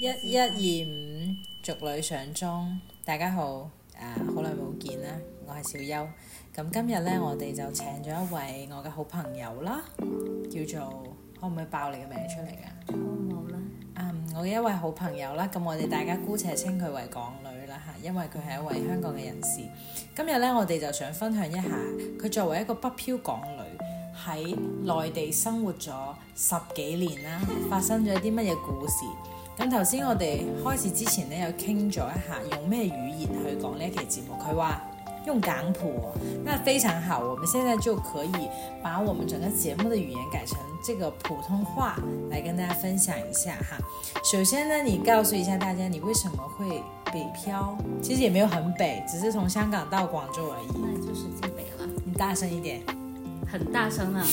一一二五逐女上中。大家好，誒、啊，好耐冇見啦。我係小丘，咁、啊、今日呢，我哋就請咗一位我嘅好朋友啦，叫做可唔可以爆你嘅名出嚟㗎？好冇啦。嗯，我嘅一位好朋友啦，咁、啊、我哋大家姑且稱佢為港女啦吓、啊，因為佢係一位香港嘅人士。啊、今日呢，我哋就想分享一下佢作為一個北漂港女喺內地生活咗十幾年啦、啊，發生咗啲乜嘢故事。咁頭先我哋開始之前呢，有傾咗一下用咩語言去講呢一期節目。佢話用港普、哦，那非常好，我哋現在就可以把我們整個節目的語言改成這個普通話，嚟跟大家分享一下哈。首先呢，你告訴一下大家，你為什麼會北漂？其實也沒有很北，只是從香港到廣州而已。那就是進北啦。你大聲一點，很大聲啊。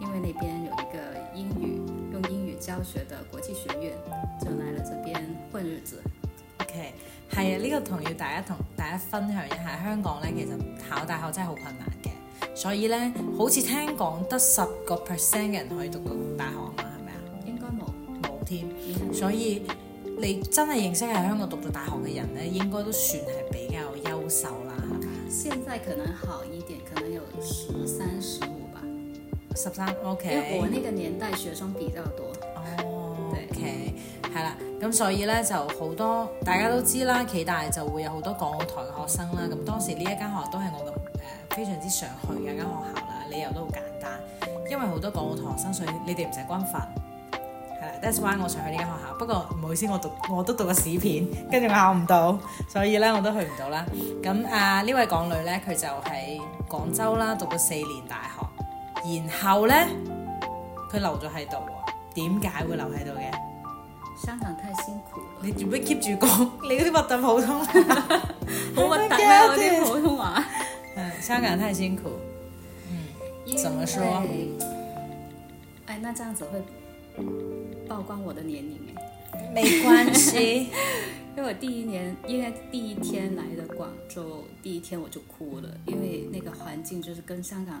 因為那邊有一個英語用英語教學的國際學院，就來了這邊混日子。OK，係啊，呢個同要大家同大家分享一下，香港咧其實考大學真係好困難嘅，所以咧好似聽講得十個 percent 嘅人可以讀到大學啊嘛，係咪啊？應該冇，冇添。嗯、所以你真係認識喺香港讀到大學嘅人咧，應該都算係比較優秀啦。係嘛？現在可能好一點，可能有十三、十五。十三，O K，我呢個年代學生比較多，O 哦 K，係啦，咁、oh, okay. 對所以呢，就好多大家都知啦，暨大就會有好多港澳台嘅學生啦。咁當時呢一間學校都係我咁誒非常之想去嘅間學校啦，理由都好簡單，因為好多港澳台學生，所以你哋唔使軍訓，係啦。That's why 我想去呢間學校，不過唔 好意思，我讀我都讀過屎片，跟住我考唔到，所以呢，我都去唔到啦。咁 啊呢位港女呢，佢就喺廣州啦，讀咗四年大學。然後咧，佢、嗯、留咗喺度啊？點解會留喺度嘅？香港太辛苦。你做咩 keep 住講你嗰啲核突普通好核突打我啲普通話。嗯，香港太辛苦。嗯，為怎麼說？哎，那這樣子會曝光我的年齡誒、啊？沒關係， 因為我第一年，因為第一天嚟到廣州，第一天我就哭了，因為那個環境就是跟香港。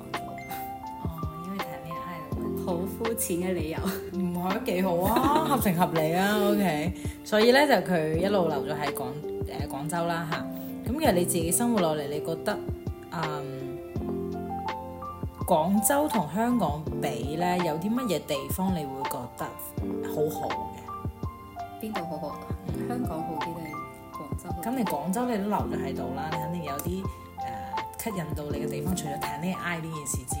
好膚淺嘅理由，唔係都幾好啊，合情合理啊，OK。所以咧就佢一路留咗喺廣誒廣州啦嚇。咁其實你自己生活落嚟，你覺得誒、嗯、廣州同香港比咧，有啲乜嘢地方你會覺得好好嘅、啊？邊度好好？香港好啲定廣州？咁你廣州你都留咗喺度啦，你肯定有啲誒、呃、吸引到你嘅地方，除咗睇呢 I 呢件事之外。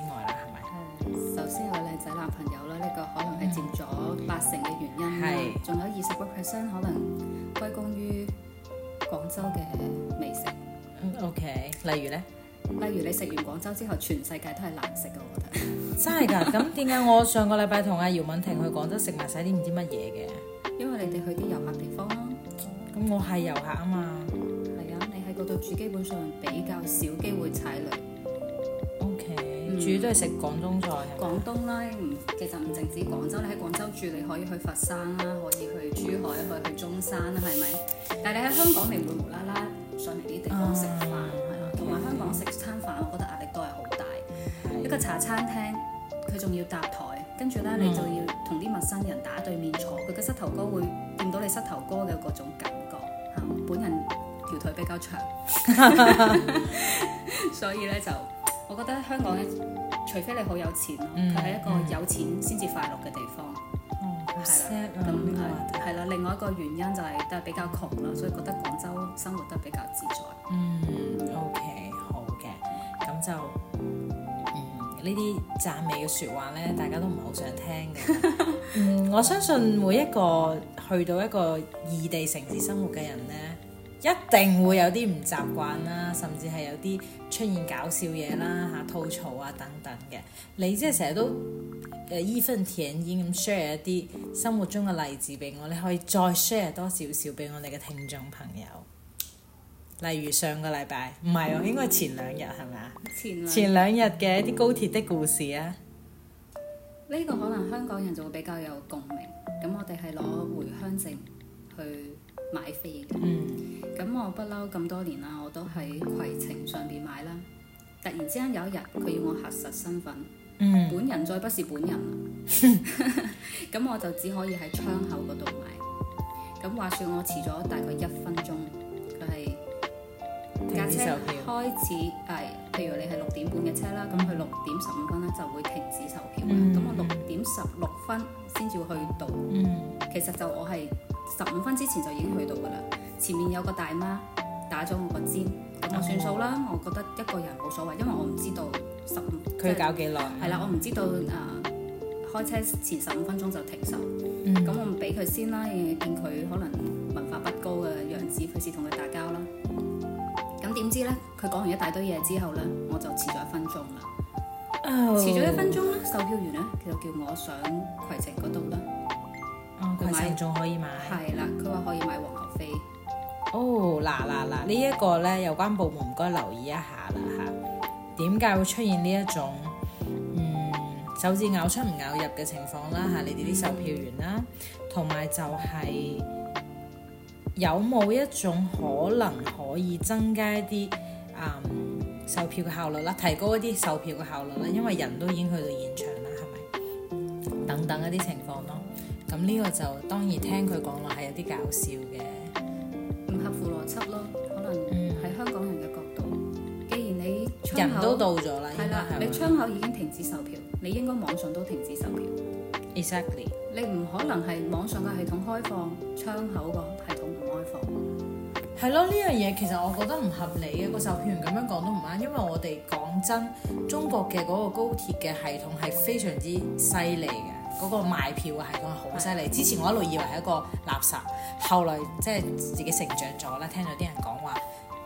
首先有靚仔男朋友啦，呢、呢個可能係佔咗八成嘅原因啦，仲是有二十 percent 可能歸功於廣州嘅美食。嗯、o、okay, K，例如咧？例如你食完廣州之後，全世界都係難食嘅，我覺得。 真係噶，咁點解我上個禮拜同阿姚敏婷去廣州食埋晒啲唔知乜嘢嘅？ 因為你哋去啲遊客地方囉。咁、嗯、我係遊客啊嘛。係啊，你喺嗰度住，基本上比較少機會踩雷。住都係食廣東菜。廣東啦，其實唔淨止廣州，嗯、你喺廣州住，你可以去佛山啦，可以去珠海，嗯、可以去中山啦，係咪？但係你喺香港，你唔會無啦啦上嚟呢啲地方食飯，係嘛？同埋香港食餐飯，我覺得壓力都係好大。是一個茶餐廳，佢仲要搭台，跟住呢，嗯、你就要同啲陌生人打對面坐，佢嘅膝頭哥會見到你膝頭哥嘅嗰種感覺。嚇、嗯，本人條腿比較長， 所以呢就。我覺得香港，除非你好有錢咯，佢係一個有錢先至快樂嘅地方，係啦、嗯，咁係啦。另外一個原因就係都係比較窮啦，所以覺得廣州生活得比較自在。嗯，OK，好嘅，咁就呢啲、嗯、讚美嘅説話咧，大家都唔係好想聽嘅。 我相信每一個去到一個異地城市生活嘅人咧。一定會有啲唔習慣啦，甚至係有啲出現搞笑嘢啦、嚇、吐槽啊等等嘅。你即係成日都誒依、呃、 分舔煙咁 share 一啲生活中嘅例子俾我，你可以再 share 多少少俾我哋嘅聽眾朋友。例如上個禮拜，唔係喎，應該前兩日係咪啊？前兩日嘅一啲高鐵的故事啊。呢、嗯啊、個可能香港人就會比較有共鳴。咁我哋係攞回鄉證去。買飛嘅，咁、嗯、我不嬲咁多年啦，我都喺攜程上邊買啦。突然之間有一日，佢要我核實身份，嗯、本人再不是本人啦，咁 我就只可以喺窗口嗰度買。咁話說我遲咗大概一分鐘，佢係，架車開始係、哎，譬如你係六點半嘅車啦，咁佢六點十五分咧就會停止售票啦。咁、嗯、我六點十六分先至去到，嗯、其實就我係。十五分之前就已經去到㗎啦，前面有個大媽打咗我個尖，咁我算數啦。Oh. 我覺得一個人冇所謂，因為我唔知道十五。佢搞幾耐？係啦，我唔知道誒、mm hmm. 呃，開車前十五分鐘就停手。咁、mm hmm. 我唔俾佢先啦，見佢可能文化不高嘅樣子，費事同佢打交啦。咁點知呢？佢講完一大堆嘢之後呢，我就遲咗一分鐘啦。遲咗一分鐘咧，售票員呢，佢就叫我上攜程嗰度啦。買仲可以買？係啦，佢話可以買黃牛飛。哦、oh，嗱嗱嗱，這個，呢一個咧，有關部門唔該留意一下啦，吓，啊。點解會出現呢一種嗯手指咬出唔咬入嘅情況啦？吓，啊，你哋啲售票員啦，同埋、嗯、就係有冇一種可能可以增加一啲啊、嗯、售票嘅效率啦，提高一啲售票嘅效率啦？因為人都已經去到現場啦，係咪？等等一啲情況。咁呢個就當然聽佢講話係有啲搞笑嘅，唔合乎邏輯咯。可能喺香港人嘅角度，嗯、既然你人都到咗啦，係啦，你窗口已經停止售票，你應該網上都停止售票。Exactly。你唔可能係網上嘅系統開放，窗口個系統唔開放。係咯，呢樣嘢其實我覺得唔合理嘅，個售票員咁樣講都唔啱，因為我哋講真，中國嘅嗰個高鐵嘅系統係非常之犀利嘅。嗰個賣票嘅系統好犀利，之前我一路以為係一個垃圾，後來即係自己成長咗啦，聽到啲人講話，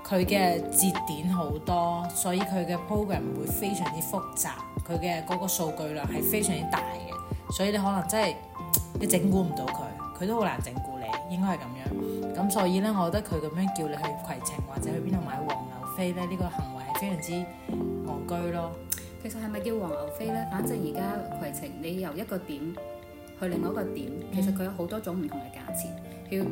佢嘅節點好多，所以佢嘅 program 會非常之複雜，佢嘅嗰個數據量係非常之大嘅，所以你可能真係你整蠱唔到佢，佢都好難整蠱你，應該係咁樣。咁所以呢，我覺得佢咁樣叫你去攜程或者去邊度買黃牛飛呢，呢、呢個行為係非常之戇居咯。其實係咪叫黃牛飛呢？反正而家携程，你由一個點去另外一個點，其實佢有好多種唔同嘅價錢，要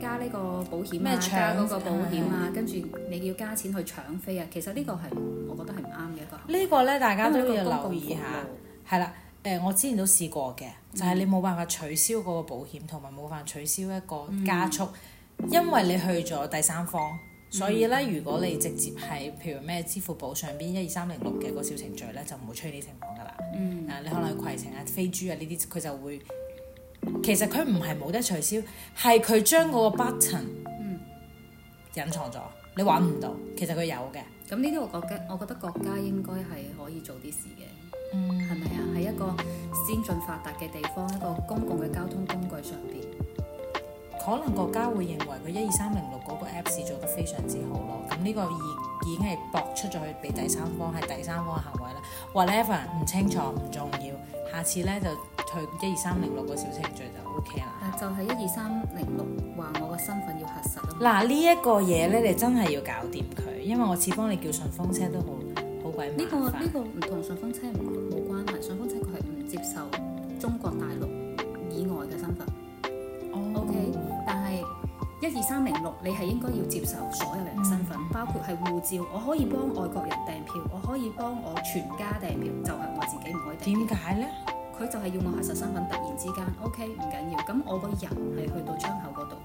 加呢個保險咩、啊、麼加嗰個保險啊，跟住對 你要加錢去搶飛啊。其實呢個係我覺得係唔啱嘅一個。個呢個呢，大家都要留意下。係啦，誒，我之前都試過嘅，就係、是、你冇辦法取消嗰個保險，同埋冇辦法取消一個加速，嗯、因為你去咗第三方。Mm hmm. 所以咧，如果你直接係譬如咩支付寶上邊一二三零六嘅個小程序咧，就唔會出現呢啲情況噶啦。嗯、mm。Hmm. 啊，你可能攜程啊、飛豬啊呢啲，佢就會。其實佢唔係冇得取消，係佢將嗰個 button 隱藏咗，mm hmm. 你揾唔到。其實佢有嘅。咁呢啲我覺得，我覺得國家應該係可以做啲事嘅。嗯、mm。係咪啊？喺一個先進發達嘅地方，一個公共嘅交通工具上邊。可能國家會認為佢一二三零六嗰個 Apps 做得非常之好咯，咁呢個已已經係駁出咗去俾第三方，係第三方嘅行為啦。Whatever，唔清楚唔重要，下次咧就退一二三零六個小程序就 OK 啦。就係一二三零六話我個身份要核實咯。嗱、啊這個、呢一個嘢咧，你真係要搞掂佢，因為我次幫你叫順風車都好好鬼麻煩。呢個呢、這個唔同順風車冇關係，順風車佢係唔接受中國大陸以外嘅身份。但係一二三零六，1, 2, 3, 0, 6, 你係應該要接受所有人身份，嗯、包括係護照。我可以幫外國人訂票，我可以幫我全家訂票，就係、是、我自己唔可以訂。點解呢？佢就係要我核實身份。突然之間，OK 唔緊要。咁我個人係去到窗口嗰度，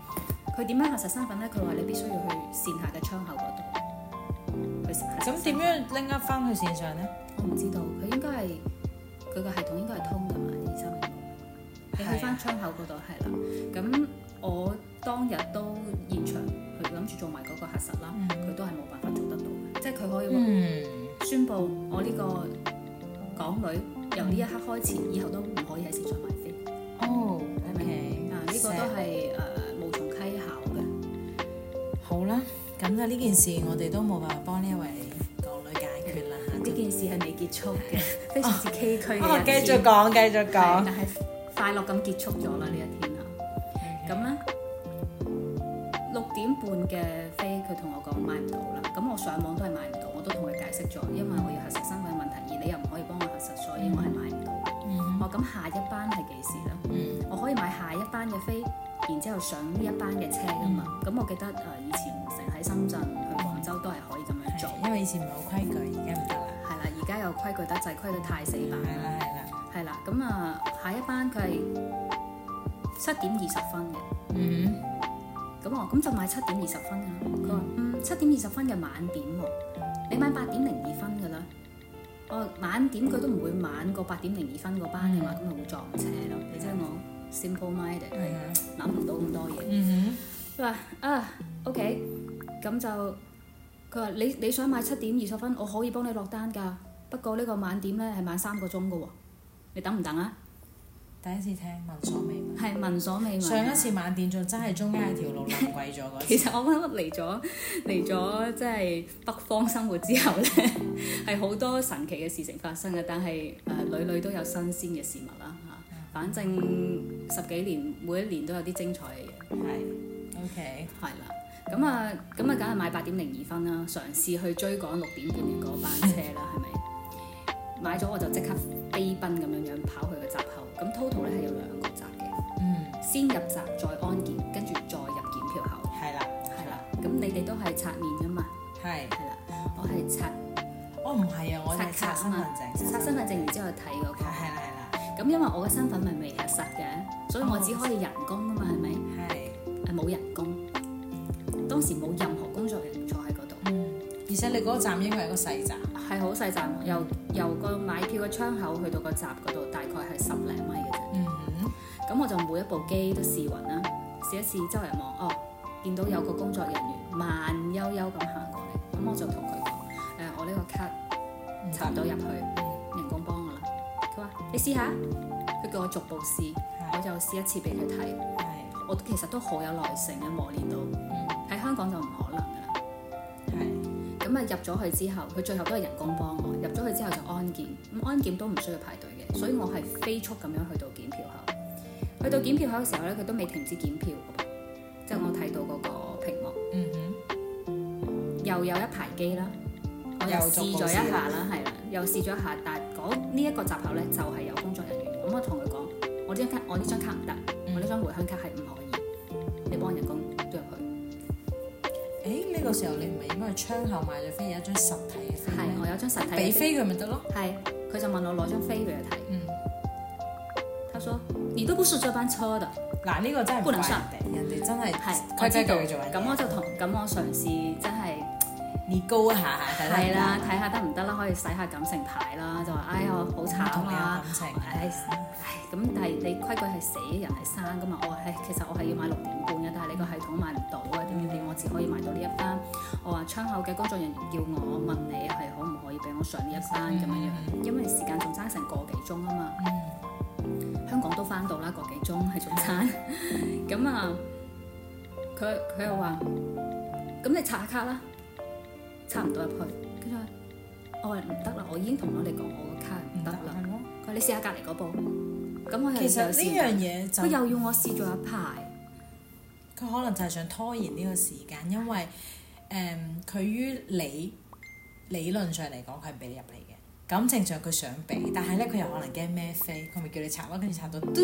佢點樣核實身份呢？佢話你必須要去線下嘅窗口嗰度去。咁點樣拎翻翻去線上呢？我唔知道，佢應該係佢個系統應該係通㗎嘛？二三零六，你去翻窗口嗰度係啦，咁對。我當日都現場，去諗住做埋嗰個核實啦，佢都係冇辦法做得到，即係佢可以話、嗯、宣布我呢個港女由呢一刻開始，以後都唔可以喺市場買飛。哦，OK，、嗯、寫啊呢、呢個都係誒、呃、無從稽考嘅、嗯。好啦，咁啊呢件事我哋都冇辦法幫呢一位港女解決啦嚇，呢 件事係未結束嘅， 非常之崎嶇哦，哦繼，繼續講，繼續講，但係 快樂咁結束咗。 嘅飛佢同我講買唔到啦，咁我上網都係買唔到，我都同佢解釋咗，因為我要核實身份問題，而你又唔可以幫我核實。所以我係買唔到。我咁、mm hmm. 啊、下一班係幾時咧？Mm hmm. 我可以買下一班嘅飛，然之後上呢一班嘅車噶嘛。咁、mm hmm. 嗯、我記得誒、呃、以前成日喺深圳去廣州都係可以咁樣做、mm hmm.，因為以前唔係好規矩，而家唔得啦。係啦，而家有規矩得滯，規得太死板。係啦、mm，係、hmm. 啦，係啦。咁啊，下一班佢係七點二十分嘅。嗯。 mm hmm. 咁我咁就買七點二十分啦。佢話，嗯，七點二十分嘅晚點喎，你買八點零二分嘅啦。哦，晚點佢都唔會晚過八點零二分個班嘅話，咁咪會撞車咯。你即係我 simple minded，諗唔到咁多嘢。嗯哼。佢話啊，OK，咁就佢話你你想買七點二十分，我可以幫你落單噶，不過呢個晚點咧係晚三個鐘噶喎，你等唔等啊？第一次聽，聞所未聞，係聞所未聞。上一次晚點仲真係中間條路爛鬼咗嗰次。其實我覺得嚟咗嚟咗，即係北方生活之後咧，係 好多神奇嘅事情發生嘅。但係誒，屢、呃、屢都有新鮮嘅事物啦嚇、啊。反正十幾年每一年都有啲精彩嘅嘢。係，OK，係啦。咁啊咁啊，梗係買八點零二分啦、啊，嘗試去追趕六點半嗰班車啦，係咪？ 買咗我就即刻飛奔咁樣樣跑去個閘口。咁 total 咧係有兩個閘嘅，嗯，先入閘再安檢，跟住再入檢票口，係啦，係啦。咁你哋都係刷面噶嘛？係，係啦。我係刷，我唔係啊，我係刷身份證，刷身份證然之後睇個卡，係啦，係啦。咁因為我嘅身份係未核實嘅，所以我只可以人工啊嘛，係咪？係，係冇人工，當時冇任何工作人員坐喺嗰度，嗯。而且你嗰個站應該係個細站。係好細站，由由個買票嘅窗口去到個閘嗰度，大概係十零米嘅啫。嗯咁、mm hmm. 我就每一部機都試勻啦、啊，試一試周圍望，哦，見到有個工作人員慢悠悠咁行過嚟，咁我就同佢講：誒、呃，我呢個卡插唔到入去，mm hmm. 人工幫我啦。佢話：你試下。佢叫我逐步試，mm hmm. 我就試一次俾佢睇。我其實都好有耐性嘅磨練到，喺、mm hmm. 香港就唔可能。入咗去之後，佢最後都係人工幫我。入咗去之後就安檢，咁、嗯、安檢都唔需要排隊嘅，嗯、所以我係飛速咁樣去到檢票口。嗯、去到檢票口嘅時候咧，佢都未停止檢票，即係、嗯、我睇到嗰個屏幕，嗯、哼又有一排機啦，我又試咗一下啦，係啦，又試咗一下，但係嗰呢一個閘口咧就係有工作人員，咁我同佢講，我呢張卡，我呢張卡唔得，嗯、我呢張回鄉卡係唔好。到時候你唔係應該喺窗口買咗飛，有一張實體嘅飛，係，我有張實體嘅飛，俾飛佢咪得咯？係，佢就問我攞張飛俾佢睇。嗯，他說你都不是這班車的。嗱，呢、這個真係不，不能上。人哋真係規矩做緊。咁我就同，咁我嘗試真係你高一下一下，係啦，睇下得唔得啦？可以洗下感情牌啦，就話哎呀好慘啦，嗯、你有感情。唉，咁但係你規矩係死，人係生噶嘛？我話其實我係要買六點半。可以買到呢一班，我話窗口嘅工作人員叫我問你係可唔可以俾我上呢一班咁的樣，因為時間仲爭成個幾鐘啊嘛。嗯、香港都翻到啦，的個幾鐘係早餐。咁啊、嗯，佢佢、 嗯、又話：，咁你刷卡啦，插唔查到入去。跟住我話唔得啦，我已經同我哋講我個卡唔得啦。佢行：你試下隔離嗰部。咁、嗯、我係其實呢樣嘢，佢又要我試咗一排。佢可能就係想拖延呢個時間，因為誒佢、嗯、於理理論上嚟講，佢係唔俾你入嚟嘅。感情上佢想俾，但係咧佢又可能驚咩飛，佢咪叫你插咯，跟住插到嘟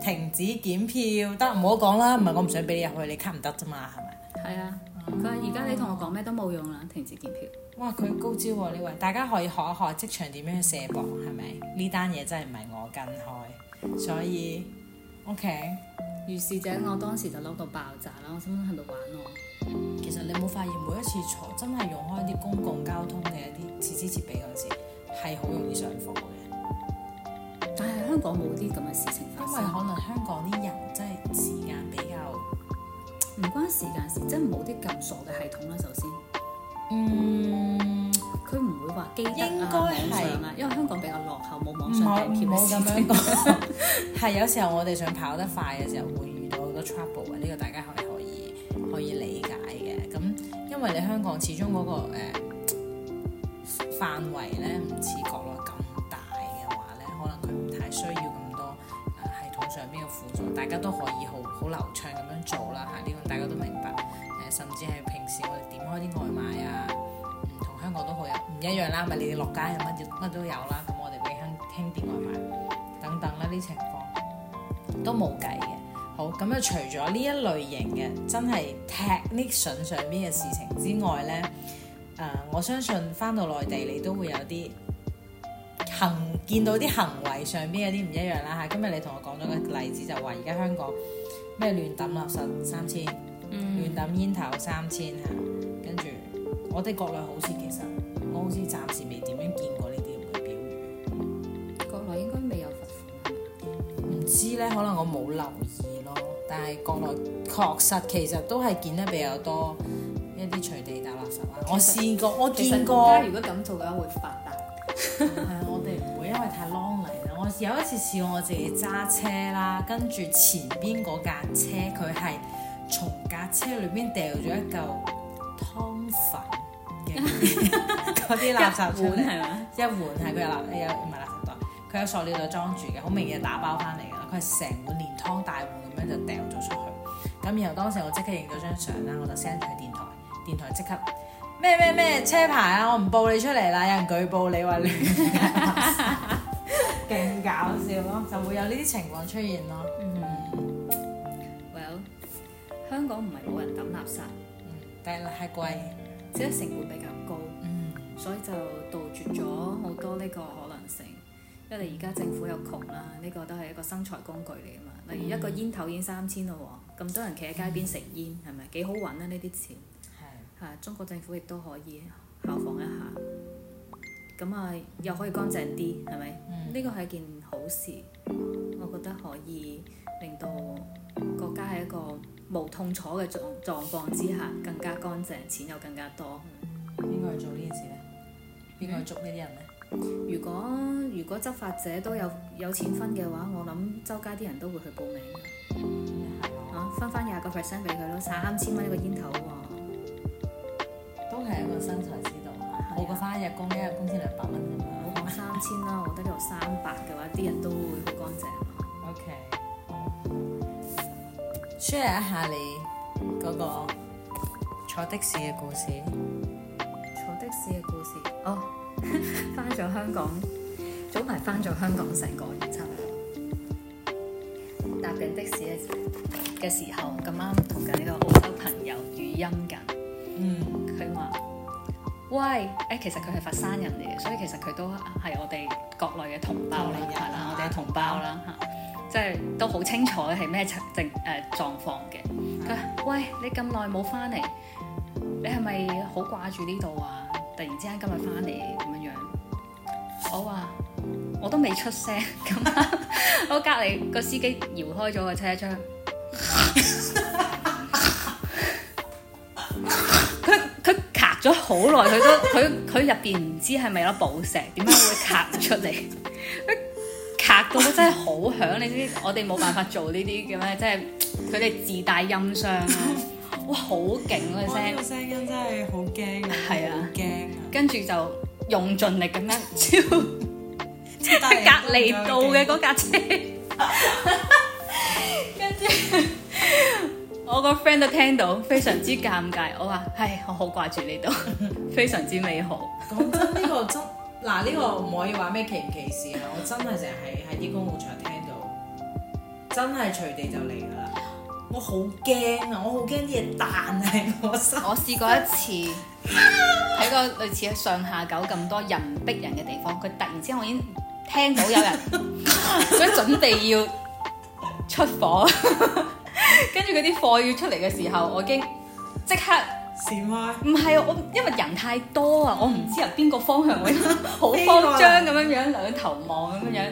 停止檢票，得唔好講啦，唔係我唔想俾你入去，你卡唔得啫嘛，係咪？係啊，佢話而家你同我講咩都冇用啦，停止檢票。哇！佢高招喎、啊，呢位，大家可以學一學職場點樣去卸膊，係咪？呢單嘢真係唔係我跟開，所以 OK。如是者，我當時就嬲到爆炸啦！我心諗喺度玩我。其實你冇發現每一次坐真係用開啲公共交通嘅一啲設施設備嗰陣時，係好容易上火嘅。但係香港冇啲咁嘅事情發，因為可能香港啲人真係時間比較唔關時間事，真係冇啲咁傻嘅系統啦。首先，嗯。佢唔會話、啊，應該係，因為香港比較落後，冇網上訂票咁樣講， 係有時候我哋想跑得快嘅時候會遇到好多 trouble 嘅，呢個大家係可以可以理解嘅。咁因為你香港始終嗰、那個誒、呃、範圍咧唔似國內咁大嘅話咧，可能佢唔太需要咁多、啊、系統上邊嘅輔助，大家都可以好好流暢咁樣做啦嚇。呢、啊、個大家都明白誒、啊，甚至係平時我哋點開啲外賣啊。香港都好有唔一樣啦，咪你哋落街有乜嘢乜都有啦，咁我哋俾香輕點外賣等等啦，啲情況都冇計嘅。好咁啊，除咗呢一類型嘅真係 technician 上邊嘅事情之外咧，誒、呃、我相信翻到內地你都會有啲行見到啲行為上邊有啲唔一樣啦吓，今日你同我講咗個例子就話而家香港咩亂抌垃圾三千，嗯，亂抌煙頭三千吓，跟住我哋國內好似嘅。我好似暫時未點樣見過呢啲咁嘅表現，國內應該未有罰款。唔知咧，可能我冇留意咯。但係國內確實其實都係見得比較多一啲隨地抌垃圾啊！實我試過，我見過。如果咁做嘅話會發達，會罰 啊。我哋唔會，因為太 long 嚟啦。我有一次試過我自己揸車啦，跟住前邊嗰架車，佢係從架車裏邊掉咗一嚿湯粉。嗰啲 垃圾碗， 一碗係佢有垃有唔係垃圾袋，佢有塑料袋裝住嘅，好明顯打包翻嚟嘅啦。佢係成碗連湯大碗咁樣就掟咗出去。咁然後當時我即刻影咗張相啦，我就 send 佢電台，電台即刻咩咩咩車牌啊，我唔報你出嚟啦，有人舉報你話亂扔勁 搞笑咯， 就會有呢啲情況出現咯。嗯，Well，香港唔係冇人抌垃圾，嗯，但係太貴。即係成本比較高，嗯、所以就杜絕咗好多呢個可能性。因為而家政府又窮啦，呢、呢個都係一個生財工具嚟啊嘛。例如一個煙頭已經三千咯喎，咁、嗯、多人企喺街邊食煙，係咪幾好搵啊？呢啲錢係的啊，中國政府亦都可以效仿一下。咁啊，又可以乾淨啲，係咪？呢個係一件好事，我覺得可以令到國家係一個。無痛楚嘅狀狀況之下，更加乾淨，錢又更加多。嗯、應該去做呢件事咧？邊個去捉呢啲人咧？如果如果執法者都有有錢分嘅話，我諗周街啲人都會去報名。嚇、嗯啊，分翻廿個 percent 俾佢咯，三千蚊一個煙頭喎。都係一個生財之道。冇過翻一日工一日工先兩百蚊啫嘛。我講三千啦，我覺得有三百嘅話，啲人都會好乾淨。O K。share 一下你嗰個坐的士嘅故事。坐的士嘅故事，哦，翻咗香港，早排翻咗香港成個月差唔多。搭緊的士嘅時候咁啱同緊呢個澳洲朋友語音緊，嗯，佢話：，喂，誒、欸，其實佢係佛山人嚟嘅，所以其實佢都係我哋國內嘅同胞啦，係啦，對啊、我哋嘅同胞啦，吓、啊。即係都好清楚係咩情情誒狀況嘅。佢話：喂，你咁耐冇翻嚟，你係咪好掛住呢度啊？突然之間今日翻嚟咁樣，我話，我都未出聲。咁 我隔離個司機搖開咗個車窗，佢佢卡咗好耐，佢都佢佢入邊唔知係咪有寶石，點解會卡出嚟？ 達到真係好響，你知唔知？我哋冇辦法做呢啲叫咩？即係佢哋自帶音箱、啊，哇，好勁啊！聲！個聲音真係好驚啊！係啊，驚！跟住就用盡力咁樣超即係 隔籬到嘅嗰架車，跟 住我個 friend 都聽到，非常之尷尬。我話：唉，我好掛住你度，非常之美好。講真，呢、這個 嗱，呢個唔可以話咩歧唔歧視啊！ 我真係成日喺喺啲公共場聽到，真係隨地就嚟噶啦！我好驚啊！我好驚啲嘢彈喺我身。我試過一次喺個 類似上下九咁多人逼人嘅地方，佢突然之間我已經聽到有人 所以準備要出火，跟住佢啲貨要出嚟嘅時候，我已經即刻。唔係，我因為人太多啊，我唔知由邊個方向，我好慌張咁樣樣， 兩頭望咁樣樣，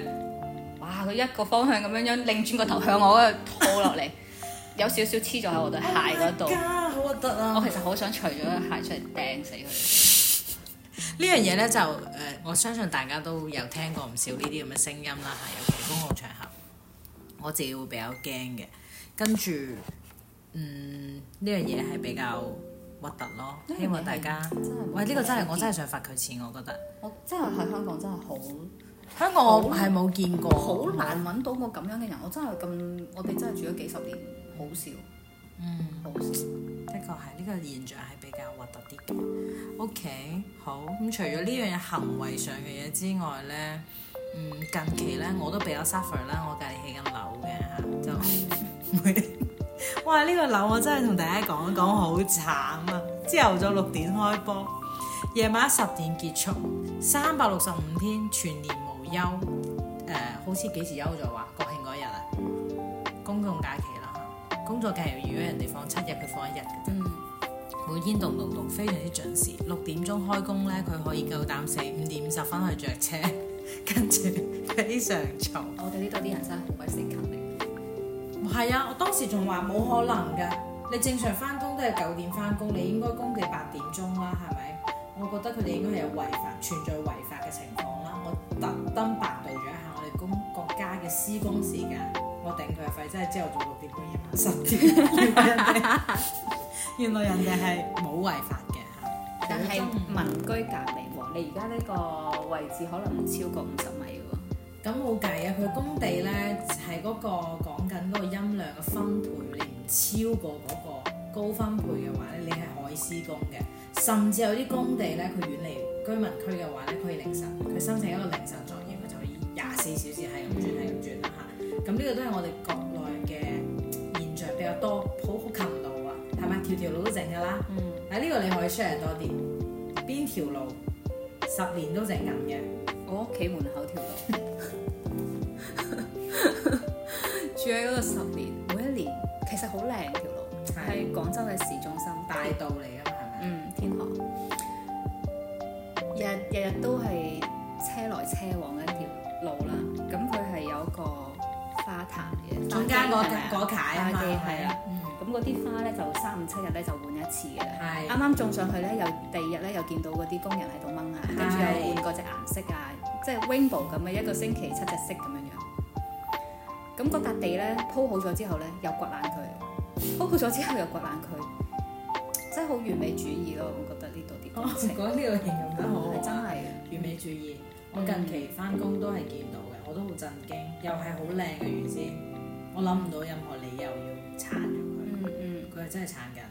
哇！佢一個方向咁樣樣，擰轉個頭向我嗰度拖落嚟， 有少少黐咗喺我對鞋嗰度，oh、God，好核突啊！我其實好想除咗對鞋出嚟掟死佢。 樣呢樣嘢咧就誒、呃，我相信大家都有聽過唔少呢啲咁嘅聲音啦，係尤其公共場合，我自己會比較驚嘅。跟住，嗯，呢樣嘢係比較。核突咯，噗噗噗噗希望大家真喂，呢、呢個真係我真係想罰佢錢，我覺得我真係喺香港真係好香港我係冇見過，很好難揾到個咁樣嘅人，我真係咁我哋真係住咗幾十年，好少，嗯，好少，的確係呢個現象係比較核突啲嘅。OK，好，咁除咗呢樣嘢行為上嘅嘢之外咧，嗯近期咧、嗯、我都比較 suffer 啦，我隔離起緊樓嘅就.。 我呢、呢個樓，我真係同大家講一講，好慘啊！朝早六點開波，夜晚十點結束，三百六十五天全年無休。誒、呃，好似幾時休就話、啊、國慶嗰日啊，公共假期啦。工作假期如果人哋放七日，佢放一日嘅啫。嗯、每天動動動，非常之準時。六點鐘開工咧，佢可以夠膽死，五點五十分去着車，跟住非常嘈。我哋呢度啲人生好鬼死勤。係啊，我當時仲話冇可能嘅。你正常翻工都係九點翻工，你應該工地八點鐘啦，係咪？我覺得佢哋應該係有違法，存在違法嘅情況啦。我特登百度咗一下我哋公國家嘅施工時間，我頂佢費，真係朝頭早六點半入，十點，原來人哋係冇違法嘅嚇，但係民居隔離喎。你而家呢個位置可能唔超過五十。咁冇計啊！佢工地咧係嗰個講緊嗰個音量嘅分配，你唔超過嗰個高分配嘅話咧，你係可以施工嘅。甚至有啲工地咧，佢遠離居民區嘅話咧，可以凌晨，佢申請一個凌晨作業，佢就可以廿四小時係咁轉係咁轉啦嚇。咁呢個都係我哋國內嘅現象比較多，好好勤勞啊，係咪？條條路都整噶啦，喺呢、嗯、個你可以 share 多啲邊條路十年都整緊嘅，我屋企門口條。住咗嗰個十年，每一年其實好靚條路，係廣州嘅市中心大道嚟噶嘛，係咪？嗯，天河日日日都係車來車往嘅一條路啦。咁佢係有個花壇嘅，中間個個排啊嘛係啊。咁嗰啲花咧就三五七日咧就換一次嘅，係啱啱種上去咧，又第二日咧又見到啲工人喺度掹下，跟住又換嗰隻顏色啊，即係 w i n b o 咁嘅，一個星期七隻色咁樣。咁嗰笪地咧鋪好咗之後咧又掘爛佢，鋪好咗之，之後又掘爛佢，真係好完美主義咯！我覺得呢度啲，oh, 講呢個形容得好係真係完美主義。嗯、我近期翻工都係見到嘅，我都好震驚，嗯、又係好靚嘅原先，我諗唔到任何理由要鏟咗佢，佢係真係鏟緊。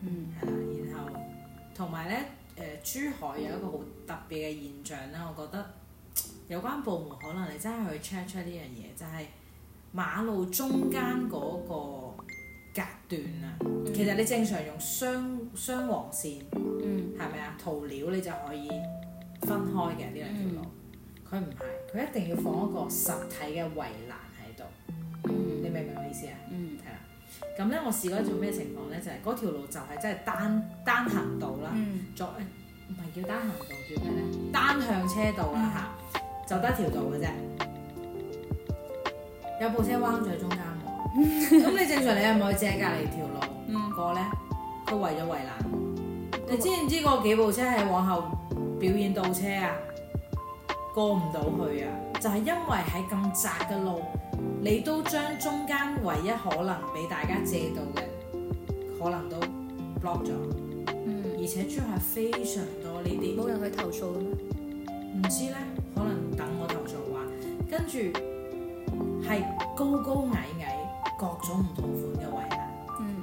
嗯，係啦、嗯，然後同埋咧誒，珠海有一個好特別嘅現象啦，嗯、我覺得有關部門可能你真係去 check 出呢樣嘢，就係。馬路中間嗰個隔斷啊，嗯、其實你正常用雙雙黃線，係咪啊？塗料你就可以分開嘅呢兩條路，佢唔係，佢一定要放一個實體嘅圍欄喺度，嗯、你明唔明我意思啊？係啦、嗯，咁咧我試過做咩情況咧？就係、是、嗰條路就係真係單單行道啦，再唔係叫單行道叫咩咧？單向車道啦吓，就、嗯嗯、得一條道嘅啫。有部車彎咗喺中間，咁 你正常你係唔可以借隔籬條路過咧？佢圍咗圍欄，你知唔知嗰幾部車係往後表演倒車啊？過唔到去啊！就係、是、因為喺咁窄嘅路，你都將中間唯一可能俾大家借到嘅可能都 block 咗，嗯、而且出現非常多呢啲。冇人去投訴嘅咩？唔知咧，可能等我投訴話，跟住。係高高矮矮各種唔同款嘅圍欄，嗯，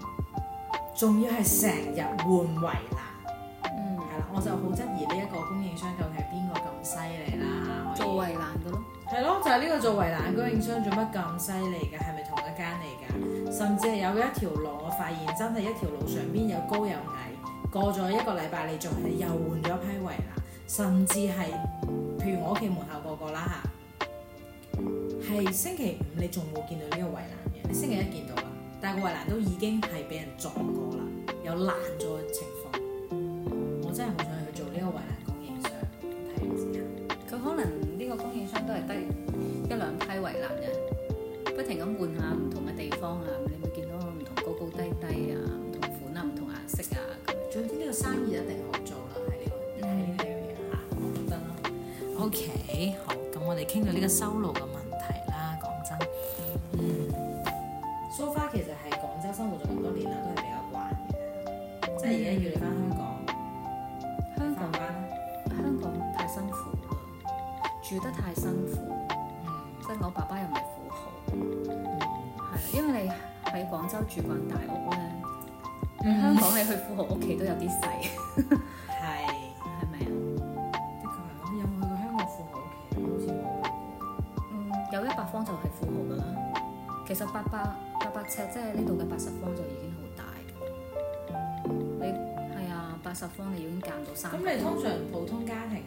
仲要係成日換圍欄，嗯，係啦，我就好質疑呢一個供應商究竟係邊個咁犀利啦，做圍欄嘅咯，係咯，就係呢個做圍欄供應商做乜咁犀利嘅？係咪同一間嚟噶？甚至係有一條路，我發現真係一條路上邊有高有矮，過咗一個禮拜你仲係又換咗批圍欄，甚至係譬如我屋企門口嗰個啦吓。係星期五，你仲冇見到呢個圍欄嘅。你星期一見到啦，但個圍欄都已經係俾人撞過啦，有爛咗嘅情況。我真係好想去做呢個圍欄供應商，睇下佢可能呢個供應商都係得一兩批圍欄嘅，不停咁換下唔同嘅地方啊。你會見到唔同高高低低啊，唔同款啊，唔同顏色啊。總之呢個生意一定好做啦，睇呢個嘢我覺得啦。OK，好咁，我哋傾到呢個修路，嗯。咁。住得太辛苦，即係我爸爸又唔係富豪，係啊、嗯，的因為你喺廣州住慣大屋咧，香港你去富豪屋企都有啲細。係 是，係咪啊？有有的確係我有冇去過香港富豪屋企？好似冇。嗯，有一百方就係富豪噶啦。其實八百八百尺即係呢度嘅八十方就已經好大。你係啊，八十方你已經間到三。咁你通常普通家庭？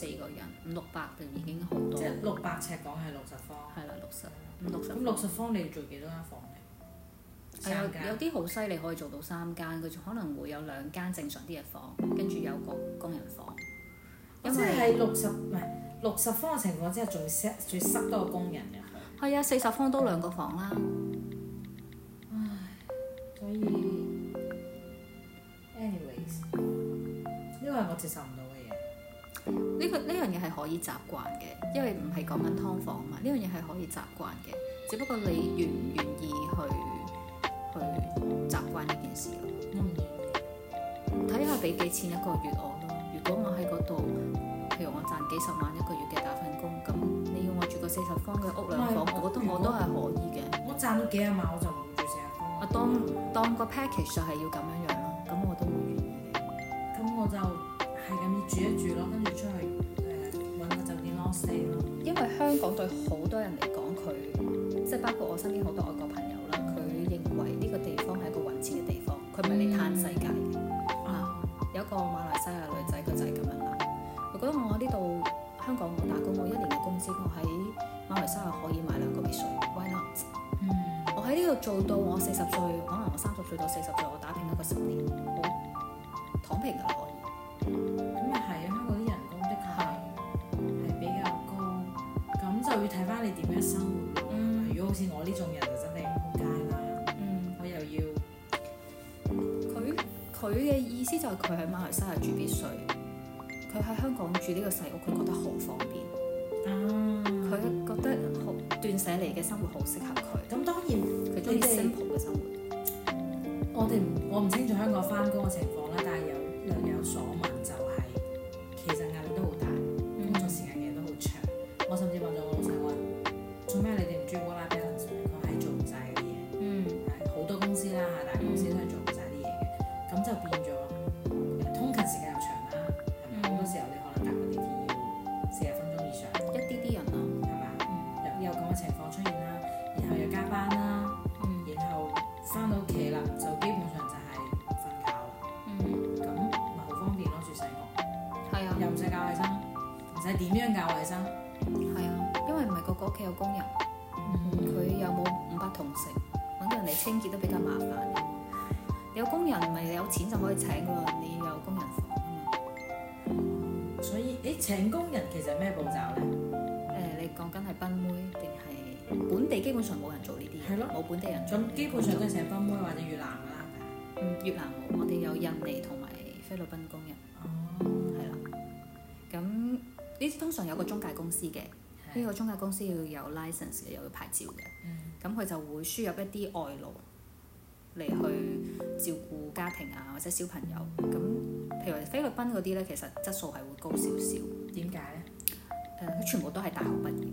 四個人五六百定已經好多。即係六百尺房係六十方。係啦，六十的。六十房。咁六十方你要做幾多間房咧間、哎？有啲好犀利，可以做到三間，佢就可能會有兩間正常啲嘅房，跟住有個工人房。因即係六十唔係六十方嘅情況之下，仲 set 仲 s 多個工人㗎。係啊，四十方都兩個房啦。唉，所以，anyways，因為我接受唔到。呢、這個呢樣嘢係可以習慣嘅，因為唔係講緊劏房啊嘛，呢樣嘢係可以習慣嘅，只不過你願唔願意去去習慣呢件事咯。嗯。睇下俾幾錢一個月我咯，如果我喺嗰度，譬如我賺幾十萬一個月嘅打份工，咁你要我住個四十方嘅屋兩房，對我覺得我都係可以嘅。我賺幾廿萬我就唔住四十方。啊、嗯，當當個 package 就係要咁樣樣咯，咁我都。住一住咯，跟住出去誒揾、呃、個酒店 long stay 咯。因為香港對好多人嚟講，佢即係包括我身邊好多外國朋友啦，佢、嗯、認為呢個地方係一個揾錢嘅地方，佢唔係嚟嘆世界嘅。啊、嗯，嗯、有一個馬來西亞女仔，佢就係咁樣諗。我覺得我呢度香港我打工，我一、嗯、年嘅工資，我喺馬來西亞可以買兩個別墅，why not？嗯，我喺呢度做到我四十歲，可能我三十歲到四十歲，我打拼咗個十年，好、哦、躺平嘅。就係佢喺馬來西亞住別墅，佢喺香港住呢個細屋，佢覺得好方便啊。嗯，佢覺得好斷捨離嘅生活，好適合佢。咁當然。本地人咁基本上都係成班妹或者越南噶啦，嗯，越南我哋有印尼同埋菲律賓工人，哦，係啦，咁呢通常有個中介公司嘅，呢個中介公司要有 license 嘅又有牌照嘅，咁佢、嗯、就會輸入一啲外勞嚟，去照顧家庭啊，或者小朋友，咁譬如話菲律賓嗰啲咧，其實質素係會高少少，點解咧？誒、呃，佢全部都係大學畢業，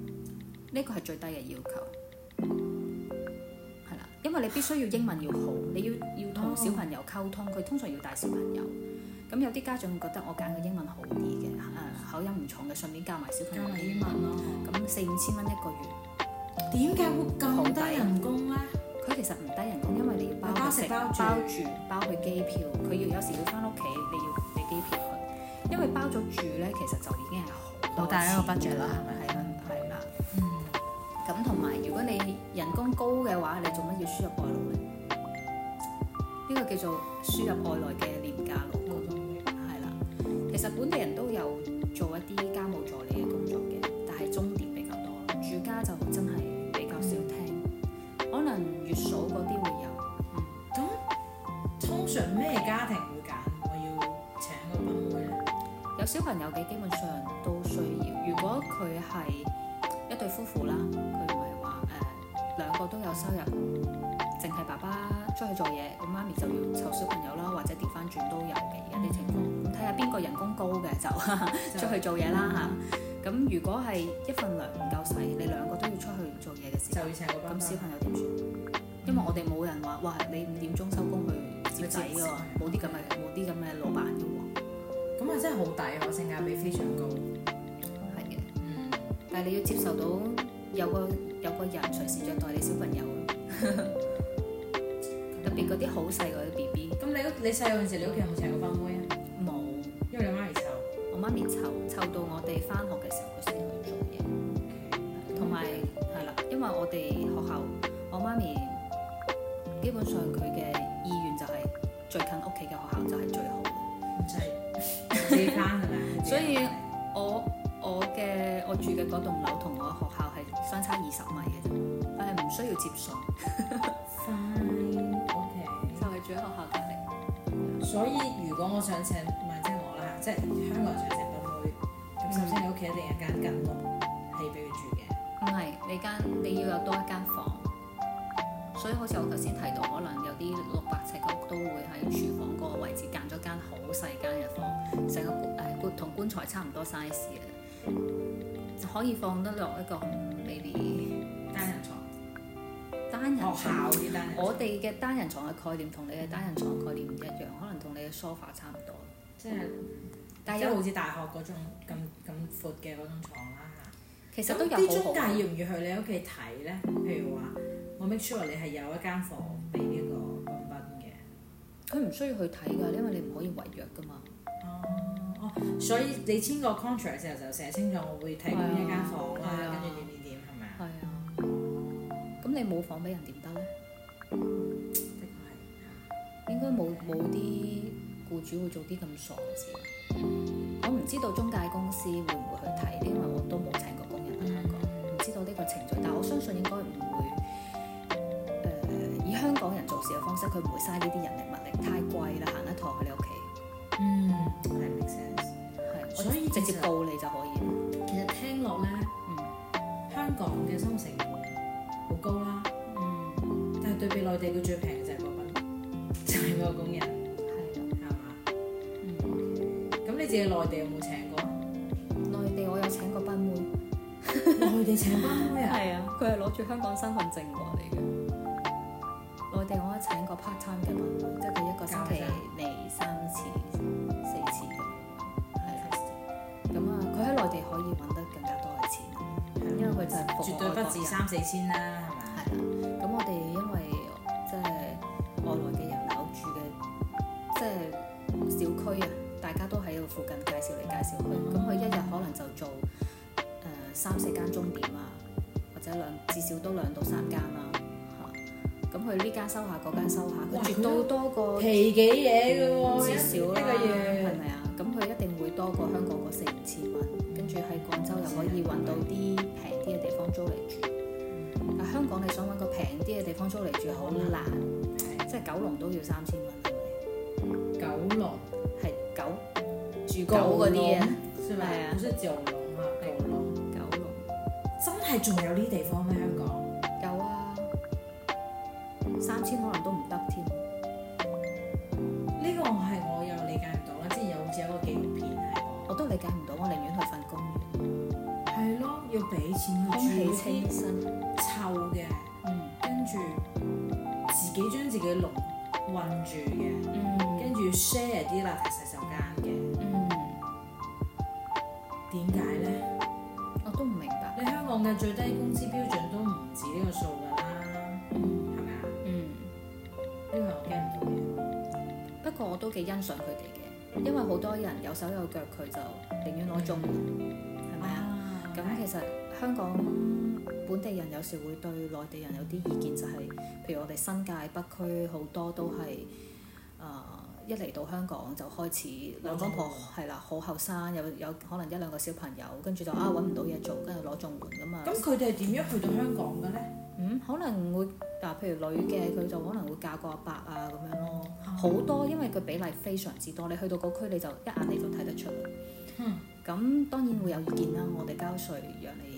呢個係最低嘅要求。你必須要英文要好，你要要同小朋友溝通，佢通常要帶小朋友。咁有啲家長會覺得我揀個英文好啲嘅，誒口音唔重嘅，順便教埋小朋友英文咯。咁四五千蚊一個月，點解會咁低人工咧？佢其實唔低人工，因為你要包食包住包去包機票，佢要有時要翻屋企，你要俾機票佢。因為包咗住咧，其實就已經係好老大個 budget 啦，係咪？係啦，嗯。咁同埋如果你。人工高嘅話，你做乜要輸入外勞咧？呢個叫做輸入外來嘅廉價勞工，係啦。其實本地人都有做一啲家務助理嘅工作嘅，但係鐘點比較多，住家就真係比較少聽。可能月嫂嗰啲會有。咁、嗯、通常咩家庭會揀我要請個幫傭咧？有小朋友嘅基本上都需要。如果佢係一對夫婦啦。收入淨係爸爸出去做嘢，個媽咪就要湊小朋友啦，或者調翻轉都有嘅一啲情況。睇下邊個人工高嘅就 出去做嘢啦嚇。咁、嗯、如果係一份糧唔夠使，你兩個都要出去做嘢嘅時候，咁小朋友點算？嗯、因為我哋冇人話，哇！你五點鐘收工去接仔喎，冇啲咁嘅冇啲咁嘅老闆嘅喎。咁啊、嗯，真係好抵，個性價比非常高。係、嗯、嘅，但係你要接受到有個。有個人隨時虐待你小朋友， 特別嗰啲好細個嘅 B B。咁你你細個陣時，你屋企有冇成日翻屋企啊？冇，因為你媽咪湊。我媽咪湊湊到我哋翻學嘅時候，佢先去做嘢。同埋係啦，因為我哋學校，我媽咪基本上佢嘅意願就係、是、最近屋企嘅學校就係最好嘅，就係自己翻係咪？ 是是所以我我嘅我住嘅嗰棟樓同我學校。相差二十米嘅啫，但係唔需要接送 s Fine . OK，就係住喺學校隔離。 嗯、所以如果我想請萬姐我啦嚇，即、就、係、是、香港人請石賓妹，首先、嗯、你屋企一定一間間屋，係俾佢住嘅。唔係，你間你要有多一間房，所以好似我頭先提到，可能有啲六百尺屋都會喺廚房個位置間咗間好細間嘅房，成個誒同、呃、棺材差唔多 size 嘅。可以放得落一個 baby 單人床。單人學校啲單人，我哋嘅單人床嘅概念同你嘅單人床，單人床概念唔一樣，可能同你嘅 sofa 差唔多。即係是，但係有好似大學嗰種咁咁闊嘅嗰種床啦。其實都有啲中介要唔要去你屋企睇咧，譬如話，我 make sure 你係有一間房俾呢個賓賓嘅。佢唔需要去睇㗎，因為你唔可以違約㗎嘛。所以你簽個 contract 嘅時候就寫清楚，我會睇到呢一間房啦，啊啊、跟住點點點係咪啊？係吧啊。咁你冇房俾人點得咧？應該冇冇啲僱主會做啲咁傻嘅事。我唔知道中介公司會唔會去睇，因為我都冇請過工人喺香港。唔知道呢個程序。但我相信應該唔會。誒、呃，以香港人做事嘅方式，佢唔會嘥呢啲人力物力，太貴啦！行一趟去你屋企。嗯，係、mm hmm. make sense，係是，所以直接告你就可以。其實聽落咧，嗯，香港嘅生活成本好高啦，嗯，但係對比內地，佢最平嘅就係嗰班，就係、是、嗰個工人，係啊的，係嘛吧？嗯，咁你自己內地有冇請過？內地我有請過賓妹， 內地請賓妹啊？係啊， 佢係攞住香港身份證過嚟嘅。內地我有請過 part time 嘅嘛。不止三四千啦，係咪？係啦，咁我哋因為即係外來嘅人樓住嘅，即係小區啊，大家都喺度附近介紹嚟介紹去，咁佢、哦、一日可能就做誒、呃、三四間鐘點啊，或者兩至少都兩到三間啦。嚇，咁佢呢間收下，嗰間收下，佢哇絕對多過皮幾嘢嘅喎，呢少嘢。係咪啊？咁佢一定會多過香港嗰四五千蚊。住喺廣州又可以揾到啲平啲嘅地方租嚟住，但、嗯啊、香港你想揾個平啲嘅地方租嚟住好難，嗯、即係九龍都要三千蚊。九龍係九住九嗰啲啊，係咪啊？唔係九龍啊，九龍九龍真係仲有呢地方咩？混住嘅，跟住 share 啲邋遢洗手間嘅，點解咧？呢我都唔明白。你香港嘅最低工資標準都唔止呢個數㗎啦，係咪啊？嗯，呢個吧、嗯、我驚唔到嘅。不過我都幾欣賞佢哋嘅，因為好多人有手有腳，佢就寧願攞綜，係咪、嗯、吧啊？咁其實香港。嗯本地人有時會對內地人有啲意見，就是，就係譬如我哋新界北區好多都係，誒、呃、一嚟到香港就開始兩公婆係啦，好後生，有有可能一兩個小朋友，跟住就啊揾唔到嘢做，跟住攞綜援咁嘛。咁佢哋係點樣去到香港嘅咧？嗯，可能會嗱、啊，譬如女嘅佢就可能會嫁個阿伯啊咁樣咯，好、嗯、多，因為佢比例非常之多，你去到嗰區你就一眼你就睇得出。咁、嗯、當然會有意見啦，我哋交稅讓你。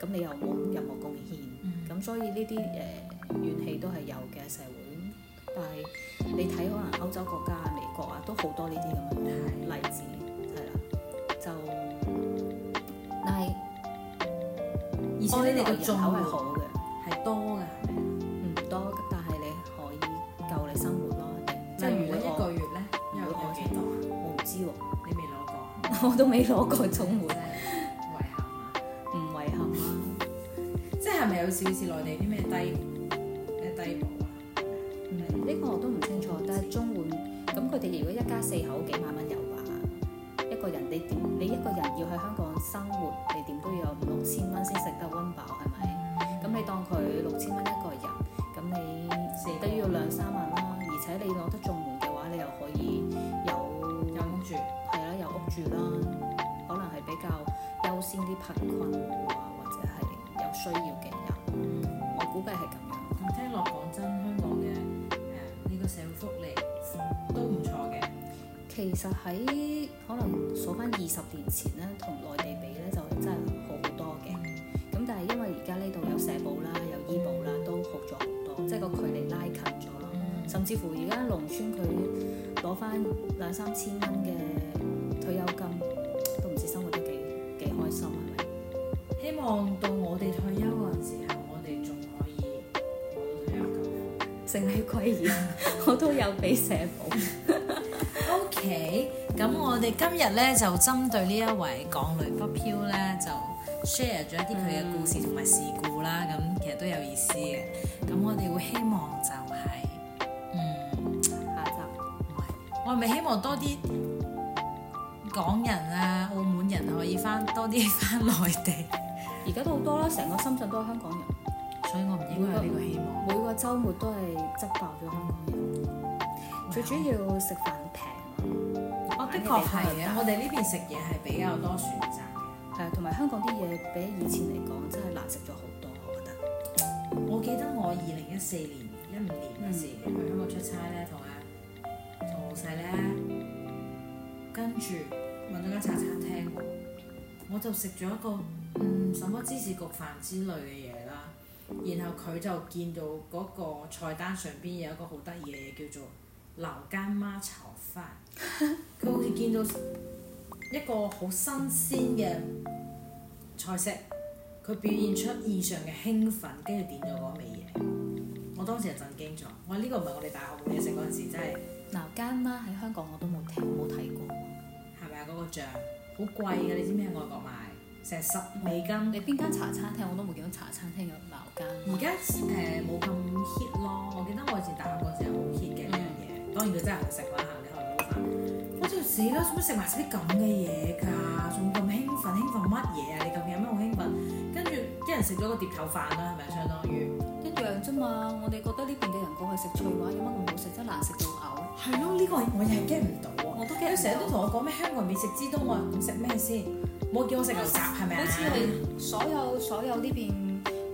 咁你又冇任何貢獻，咁所以呢啲誒怨氣都係有嘅社會。但係你睇可能歐洲國家啊、美國啊都好多呢啲咁嘅例子，係啦。就，但係，而且你哋個人口係好嘅，係多嘅，唔多，但係你可以夠你生活咯。即係如果一個月咧，會攞幾多？我唔知喎，你未攞過。我都未攞過綜援。有少少內地啲咩低低保啊？呢、嗯嗯、個我都唔清楚，但係綜援咁佢哋如果一家四口幾萬蚊有話，嗯、一個人你點你一個人要喺香港生活，你點都要五六千蚊先食得溫飽，係咪？咁、嗯、你當佢六千蚊一個人，咁你食都要兩三萬啦。而且你攞得綜援嘅話，你又可以有有屋住，係啦，有屋住啦，嗯、可能係比較優先啲貧困啊，或者係有需要。其實喺可能數翻二十年前咧，同內地比咧，就真係好好多嘅。咁但係因為而家呢度有社保啦，有醫保啦，都好咗好多，即係個距離拉近咗咯。甚至乎而家農村佢攞翻兩三千蚊嘅退休金，都唔知生活得幾幾開心，係咪？希望到我哋退休嗰陣時候，我哋仲可以攞到退休金？淨係貴縣，我都有俾社保。我哋今日咧就針對呢一位港女北漂咧，就 share 咗一啲佢嘅故事同埋事故啦。咁、嗯、其實都有意思嘅。咁我哋會希望就係、是，嗯，下集週，我係咪希望多啲港人啊、澳門人可以返多啲返內地？而家都好多啦，成、嗯、個深圳都係香港人，所以我唔應該有呢個希望。每個、每個週末都係執爆咗香港人，哇最主要食飯平。的確係嘅，我哋呢邊食嘢係比較多選擇嘅，係啊、嗯，同埋香港啲嘢比以前嚟講真係難食咗好多，我覺得。我記得我二零一四年一五年嗰時、嗯、去香港出差咧，同阿同老細咧，跟住揾咗間茶餐廳，嗯、我就食咗一個嗯什麼芝士焗飯之類嘅嘢啦，嗯、然後佢就見到嗰個菜單上邊有一個好得意嘅嘢叫做老乾媽炒飯，佢 好似見到一個好新鮮嘅菜式，佢表現出異常嘅興奮，跟住點咗嗰味嘢。我當時就震驚咗，這個、我話呢個唔係我哋大學嘅嘢食嗰陣時，真係老乾媽喺香港我都冇聽冇睇過，係咪啊？嗰、那個醬好貴㗎，你知唔知喺外國賣成十美金？嗯、你邊間茶餐廳我都冇見到茶餐廳有老乾媽。而家誒冇咁 hit 咯，我記得我以前大學嗰陣時好 hit 嘅。嗯當然佢真係好食啦，嚇，你可唔老闆，我仲死啦，做乜食埋曬啲咁嘅嘢㗎？仲咁興奮，興奮乜嘢啊？你咁樣有咩好興奮？跟住一人食咗個碟頭飯啦，係咪？相當於一樣啫嘛。我哋覺得呢邊嘅人過去食脆，話有乜咁好食，真係難食到嘔。係咯，呢、呢個我係驚唔到。嗯、我到、嗯、都驚。佢成日都同我講咩香港美食之都，我食咩先？冇叫我食牛雜係咪？好似係所有所有呢邊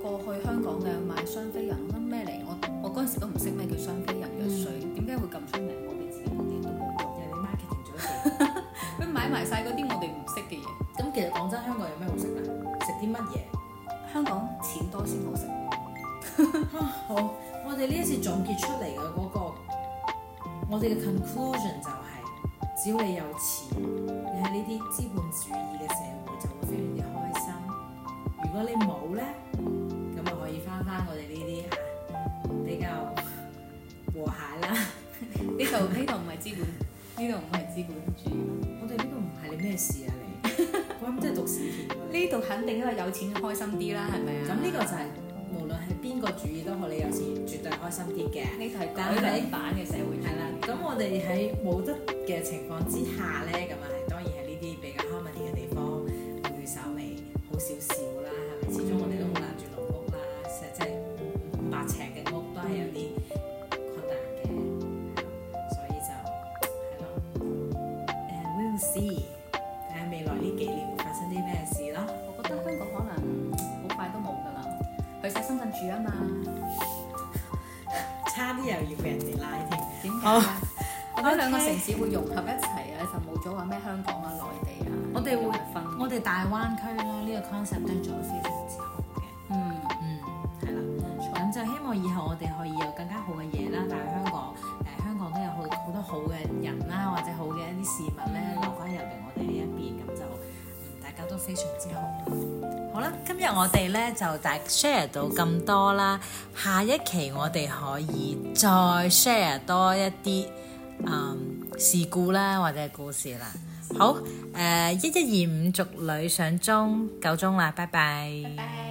過去香港嘅賣雙飛人，乜咩嚟？當時都唔識咩叫雙飛人藥水，點解、嗯、會咁出名？我哋自己本地人都冇用，因為你 marketing 佢買埋晒嗰啲我哋唔識嘅嘢。咁 其實講真，香港有咩好食咧？食啲乜嘢？香港錢多先好食。 好，我哋呢一次總結出嚟嘅嗰個，我哋嘅 conclusion 就係、是：只要你有錢，你喺呢啲資本主義嘅社會就會非常之開心。如果你冇咧？和諧啦，呢度呢度唔係資本，呢度唔係資本主義，我哋呢度唔係你咩事啊你， 我諗真係讀史書、啊，呢度 肯定都係有錢開心啲啦，係咪啊？咁呢、嗯、 個就係、是、無論係邊個主義都好，你有錢絕對開心啲嘅。呢就係改良是版嘅社會。係啦、嗯，咁我哋喺冇得嘅情況之下咧，咁啊。大灣區咯，呢個 concept 都做得非常之好嘅。嗯了嗯，係啦。咁就希望以後我哋可以有更加好嘅嘢啦。但係、嗯、香港，誒、嗯、香港都有好好多好嘅人啦，或者好嘅一啲事物咧，留翻入嚟我哋呢一邊，咁就大家都非常之好。嗯嗯、好啦，今日我哋咧就大 share 到咁多啦。下一期我哋可以再 share 多一啲、嗯、事故啦，或者故事啦。好，誒、呃，一一二五港女上鐘，夠鐘啦，拜拜。拜拜。